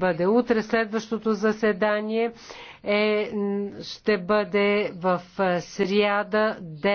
бъде утре. Следващото заседание е, ще бъде в сряда 9.